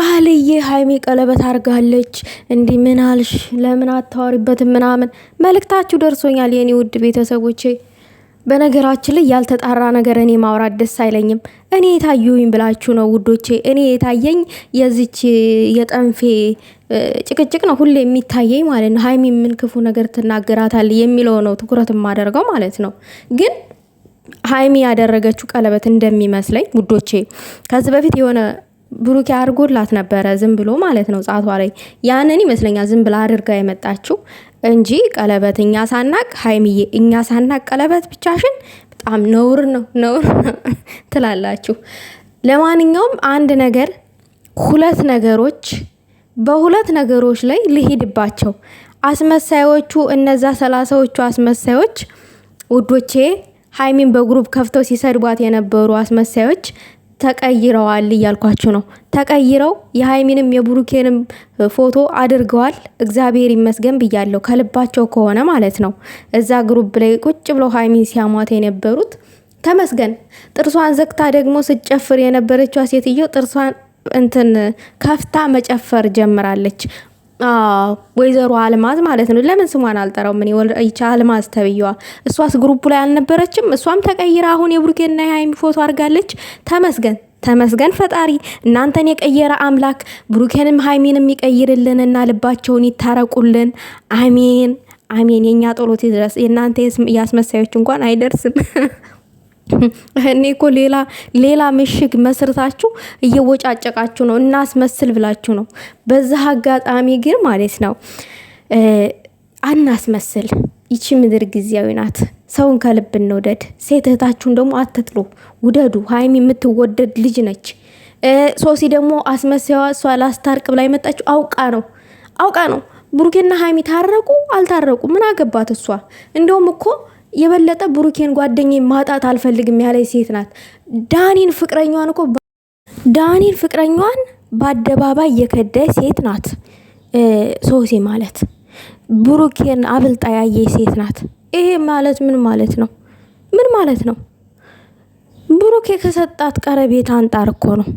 ቃልዬ ሀይሜ ቀለበት አድርጋለች እንዲህ ምን አልሽ? ለምን አታወሪበትም? ምናምን መልእክታችሁ ደርሶኛል የኔ ውድ ቤተሰቦቼ። በነገራችን ላይ ያልተጣራ ነገር እኔ ማውራት ደስ አይለኝም። እኔ የታዩኝ ብላችሁ ነው ውዶቼ። እኔ የታየኝ የዚች የጠንፌ ጭቅጭቅ ነው ሁሌ የሚታየኝ ማለት ነው። ሀይሚ ምን ክፉ ነገር ትናገራታል የሚለው ነው ትኩረት የማደርገው ማለት ነው ግን ሀይሚ ያደረገችው ቀለበት እንደሚመስለኝ ውዶቼ ከዚህ በፊት የሆነ ብሩኬ አድርጎላት ነበረ ዝም ብሎ ማለት ነው ጻቷ ላይ ያንን ይመስለኛል ዝም ብላ አድርጋ የመጣችው እንጂ ቀለበት እኛ ሳናቅ ሀይሚዬ እኛ ሳናቅ ቀለበት ብቻሽን በጣም ነውር ነው ነውር ትላላችሁ ለማንኛውም አንድ ነገር ሁለት ነገሮች በሁለት ነገሮች ላይ ልሂድባቸው አስመሳዮቹ እነዛ ሰላሳዎቹ አስመሳዮች ውዶቼ ሀይሚን በግሩፕ ከፍተው ሲሰድቧት የነበሩ አስመሳዮች ተቀይረዋል እያልኳችሁ ነው። ተቀይረው የሀይሚንም የብሩኬንም ፎቶ አድርገዋል። እግዚአብሔር ይመስገን ብያለሁ። ከልባቸው ከሆነ ማለት ነው። እዛ ግሩፕ ላይ ቁጭ ብለው ሀይሚን ሲያሟት የነበሩት ተመስገን። ጥርሷን ዘግታ ደግሞ ስጨፍር የነበረችዋ ሴትዮ ጥርሷን እንትን ከፍታ መጨፈር ጀምራለች። ወይዘሮ አልማዝ ማለት ነው። ለምን ስሟን አልጠራው ምን ይቻ አልማዝ ተብዬዋ እሷስ ግሩፕ ላይ አልነበረችም? እሷም ተቀይራ አሁን የብሩኬና የሀይሚ ፎቶ አድርጋለች። ተመስገን ተመስገን ፈጣሪ እናንተን የቀየረ አምላክ ብሩኬንም ሀይሜንም ይቀይርልንና ልባቸውን ይታረቁልን። አሜን አሜን። የእኛ ጦሎት ድረስ የእናንተ ያስመሳዮች እንኳን አይደርስም። እኔ እኮ ሌላ ሌላ ምሽግ መስርታችሁ እየወጫጨቃችሁ ነው፣ እናስመስል ብላችሁ ነው። በዛ አጋጣሚ ግን ማለት ነው አናስመስል። ይቺ ምድር ጊዜያዊ ናት። ሰውን ከልብ እንውደድ። ሴት እህታችሁን ደግሞ አትጥሉ፣ ውደዱ። ሀይሚ የምትወደድ ልጅ ነች። ሶሲ ደግሞ አስመሳይዋ እሷ ላስታርቅ ብላ የመጣችው አውቃ ነው አውቃ ነው። ብሩኬና ሀይሚ ታረቁ አልታረቁ ምን አገባት እሷ እንደውም እኮ የበለጠ ብሩኬን ጓደኝ ማጣት አልፈልግም ያለች ሴት ናት። ዳኒን ፍቅረኛዋን እኮ ዳኒን ፍቅረኛዋን በአደባባይ የከደ ሴት ናት ሶሴ ማለት ብሩኬን አብልጣ ያየ ሴት ናት። ይሄ ማለት ምን ማለት ነው? ምን ማለት ነው? ብሩኬ ከሰጣት ቀረቤት አንጣር እኮ ነው።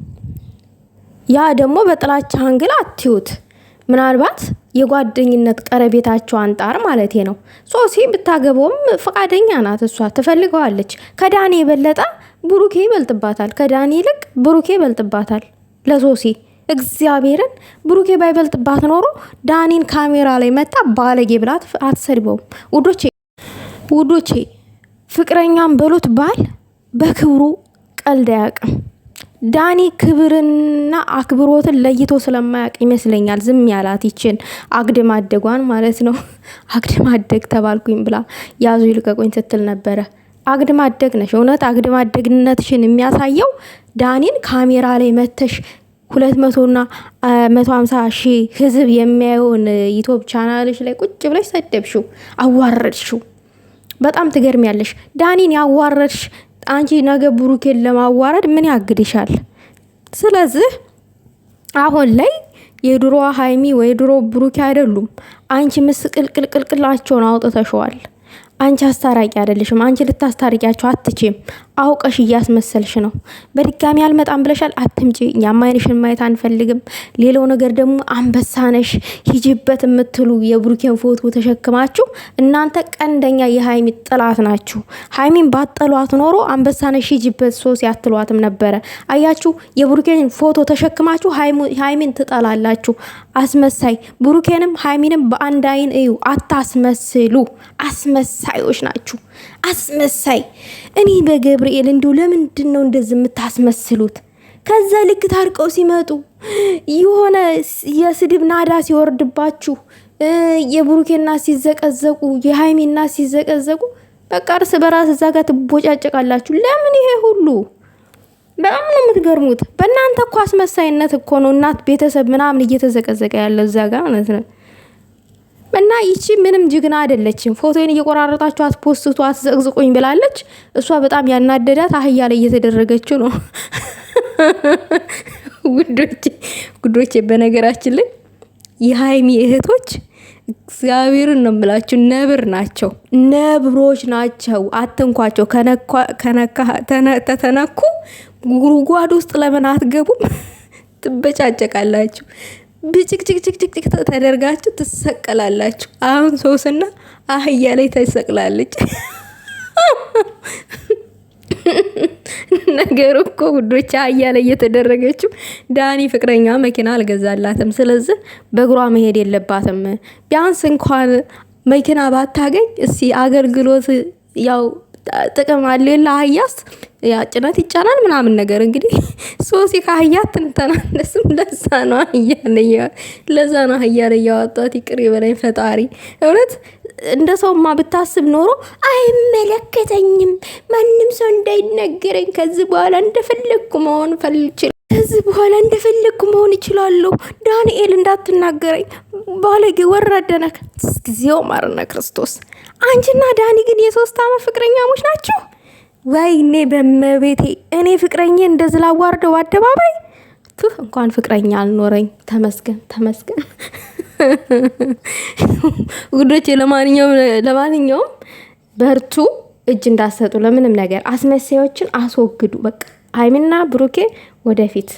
ያ ደግሞ በጥላቻ አንግል አትዩት ምናልባት የጓደኝነት ቀረቤታቸው አንጣር ማለቴ ነው። ሶሲ ብታገባውም ፈቃደኛ ናት፣ እሷ ትፈልገዋለች። ከዳኒ የበለጠ ብሩኬ ይበልጥባታል። ከዳኒ ይልቅ ብሩኬ ይበልጥባታል ለሶሲ እግዚአብሔርን ብሩኬ ባይበልጥባት ኖሮ ዳኒን ካሜራ ላይ መታ ባለጌ ብላት አትሰድበውም። ውዶቼ ውዶቼ ፍቅረኛም በሉት ባል በክብሩ ቀልድ አያውቅም። ዳኒ ክብርና አክብሮትን ለይቶ ስለማያውቅ ይመስለኛል ዝም ያላት ይችን አግድ ማደጓን ማለት ነው። አግድ ማደግ ተባልኩኝ ብላ ያዙ ይልቀቁኝ ስትል ነበረ። አግድ ማደግ ነሽ። እውነት አግድ ማደግነትሽን የሚያሳየው ዳኒን ካሜራ ላይ መተሽ ሁለት መቶና መቶ ሀምሳ ሺህ ህዝብ የሚያየውን ዩቲዩብ ቻናልሽ ላይ ቁጭ ብለሽ ሰደብሽው፣ አዋረድሽው። በጣም ትገርሚያለሽ። ዳኒን ያዋረድሽ አንቺ ነገ ብሩኬን ለማዋረድ ምን ያግድሻል? ስለዚህ አሁን ላይ የድሮ ሀይሚ ወይ ድሮ ብሩኬ አይደሉም። አንቺ ምስቅልቅልቅልቅላቸውን አውጥተሸዋል። አንቺ አስታራቂ አይደለሽም። አንቺ ልታስታርቂያቸው አትችም። አውቀሽ እያስመሰልሽ ነው። በድጋሚ አልመጣም ብለሻል። አትምጪ። እኛም ማየት አንፈልግም። ሌላው ነገር ደግሞ አንበሳነሽ ሂጅበት የምትሉ የብሩኬን ፎቶ ተሸክማችሁ እናንተ ቀንደኛ የሀይሚ ጥላት ናችሁ። ሀይሚን ባጠሏት ኖሮ አንበሳነሽ ሂጅበት ሶስ ያትሏትም ነበረ። አያችሁ፣ የብሩኬን ፎቶ ተሸክማችሁ ሀይሚን ትጠላላችሁ። አስመሳይ ብሩኬንም ሀይሚንም በአንድ አይን እዩ። አታስመስሉ። አስመሳዮች ናችሁ። አስመሳይ እኔ በገብርኤል እንዲሁ ለምንድን ነው እንደዚህ የምታስመስሉት? ከዛ ልክ ታርቀው ሲመጡ የሆነ የስድብ ናዳ ሲወርድባችሁ የብሩኬና ሲዘቀዘቁ የሀይሚና ሲዘቀዘቁ በቃ እርስ በራስ እዛ ጋር ትቦጫጨቃላችሁ። ለምን ይሄ ሁሉ በጣም ነው የምትገርሙት። በእናንተ እኮ አስመሳይነት እኮ ነው እናት ቤተሰብ ምናምን እየተዘቀዘቀ ያለው እዛ ጋር ማለት ነው። እና ይቺ ምንም ጅግና አይደለችም። ፎቶን እየቆራረጣችሁ አትፖስቱ አትዘቅዝቁኝ ብላለች። እሷ በጣም ያናደዳት አህያ ላይ እየተደረገችው ነው ውዶቼ ጉዶቼ። በነገራችን ላይ የሀይሚ እህቶች እግዚአብሔርን ነው የምላችሁ፣ ነብር ናቸው፣ ነብሮች ናቸው። አትንኳቸው። ተተነኩ ጉድጓድ ውስጥ ለምን አትገቡም? ትበጫጨቃላችሁ፣ ብጭቅጭቅጭቅጭቅ ተደርጋችሁ ትሰቀላላችሁ። አሁን ሶስና አህያ ላይ ተሰቅላለች። ነገሩ እኮ ጉዶች አህያ ላይ እየተደረገችው ዳኒ ፍቅረኛ መኪና አልገዛላትም። ስለዚህ በእግሯ መሄድ የለባትም። ቢያንስ እንኳን መኪና ባታገኝ እስ አገልግሎት ያው ጥቅም አለ የለ አህያስ ጭነት ይጫናል ምናምን ነገር እንግዲህ ሶሲ ከአህያ ትንተናነስም ለዛ ነው አህያ ለዛ ነው አህያ እያወጣት ይቅር በላይ ፈጣሪ እውነት እንደ ሰውማ ብታስብ ኖሮ አይመለከተኝም፣ ማንም ሰው እንዳይነገረኝ ከዚህ በኋላ እንደፈለግኩ መሆን ፈልችል ከዚህ በኋላ እንደፈለግኩ መሆን ይችላለሁ። ዳንኤል እንዳትናገረኝ፣ ባለጌ ወረደነ ጊዜው ማርነ ክርስቶስ። አንቺና ዳኒ ግን የሶስት ዓመት ፍቅረኛሞች ናችሁ። ወይኔ በመቤቴ እኔ ፍቅረኛ እንደዚህ ላዋርደው አደባባይ ቱ እንኳን ፍቅረኛ አልኖረኝ። ተመስገን ተመስገን። ውዶቼ ለማንኛውም ለማንኛውም በርቱ፣ እጅ እንዳሰጡ ለምንም ነገር አስመሳዮችን አስወግዱ በቃ። ሀይሚና ብሩኬ ወደፊት